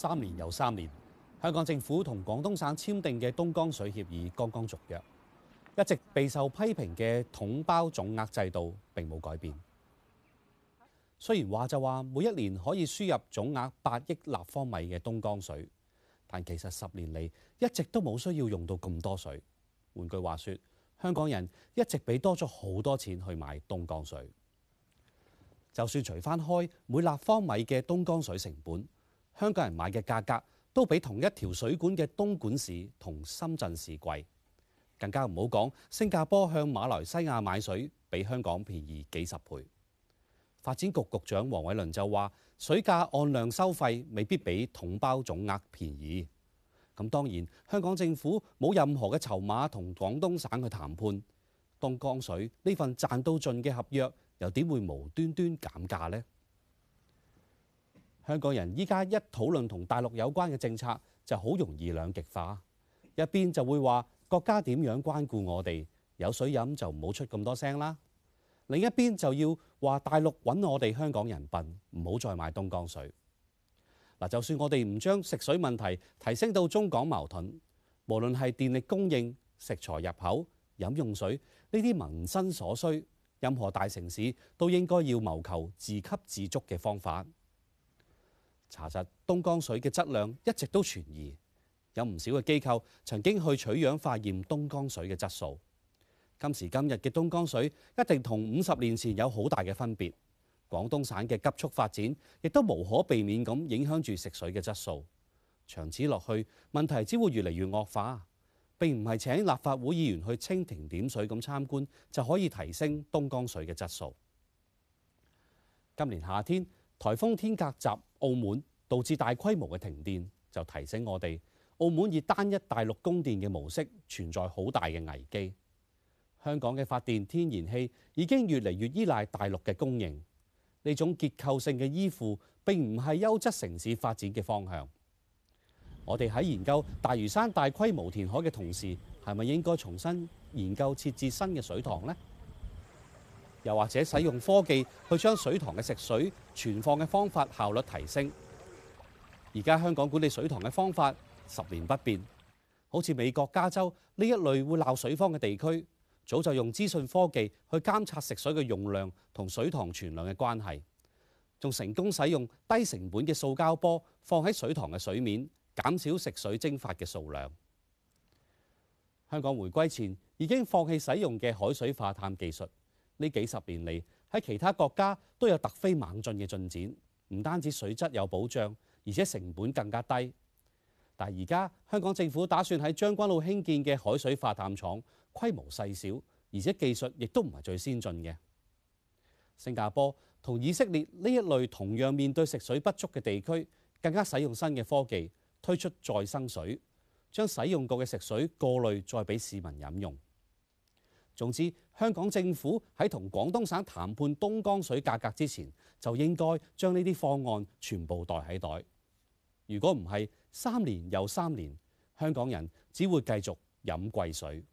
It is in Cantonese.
三年又三年，香港政府同廣東省簽訂嘅東江水協議剛剛續約，一直備受批評嘅統包總額制度並冇改變。雖然話就話每一年可以輸入總額八億立方米嘅東江水，但其實十年嚟一直都冇需要用到咁多水。換句話說，香港人一直俾多咗好多錢去買東江水。就算除翻開每立方米嘅東江水成本。香港人買嘅價格都比同一條水管嘅東莞市同深圳市貴，更加唔好講，新加坡向馬來西亞買水比香港便宜幾十倍。發展局局長黃偉綸就話：水價按量收費未必比統包總額便宜。咁當然，香港政府冇任何嘅籌碼同廣東省去談判，東江水呢份賺到盡嘅合約又點會無端端減價呢？香港人依家一討論同大陸有關嘅政策，就好容易兩極化。一邊就會話國家點樣關顧我哋有水飲，就唔好出咁多聲啦；另一邊就要話大陸揾我哋香港人笨，唔好再買東江水嗱。就算我哋唔將食水問題提升到中港矛盾，無論係電力供應、食材入口、飲用水呢啲民生所需，任何大城市都應該要謀求自給自足嘅方法。查實東江水嘅質量一直都存疑，有唔少嘅機構曾經去取樣化驗東江水嘅質素。今時今日嘅東江水一定同五十年前有好大嘅分別。廣東省嘅急速發展亦都無可避免咁影響住食水嘅質素。長此落去，問題只會越嚟越惡化。並唔係請立法會議員去蜻蜓點水咁參觀就可以提升東江水嘅質素。今年夏天，颱風天夾集。澳門導致大規模嘅停電，就提醒我哋，澳門以單一大陸供電嘅模式存在好大嘅危機。香港嘅發電、天然氣已經越嚟越依賴大陸嘅供應，呢種結構性嘅依附並唔係優質城市發展嘅方向。我哋喺研究大嶼山大規模填海嘅同時，係咪應該重新研究設置新嘅水塘呢？又或者使用科技去將水塘嘅食水存放嘅方法效率提升。而家香港管理水塘嘅方法十年不變，好似美國加州呢一類會鬧水荒嘅地區，早就用資訊科技去監察食水嘅用量同水塘存量嘅關係，仲成功使用低成本嘅塑膠波放喺水塘嘅水面，減少食水蒸發嘅數量。香港回歸前已經放棄使用嘅海水化淡技術。呢幾十年嚟，喺其他國家都有突飛猛進嘅進展，唔單止水質有保障，而且成本更加低。但而家香港政府打算喺將軍澳興建嘅海水化淡廠規模細小，而且技術亦都唔係最先進嘅。新加坡同以色列呢一類同樣面對食水不足嘅地區，更加使用新嘅科技推出再生水，將使用過嘅食水過濾再俾市民飲用。總之，香港政府喺同廣東省談判東江水價格之前，就應該將呢啲方案全部袋喺袋。如果唔係，三年又三年，香港人只會繼續飲貴水。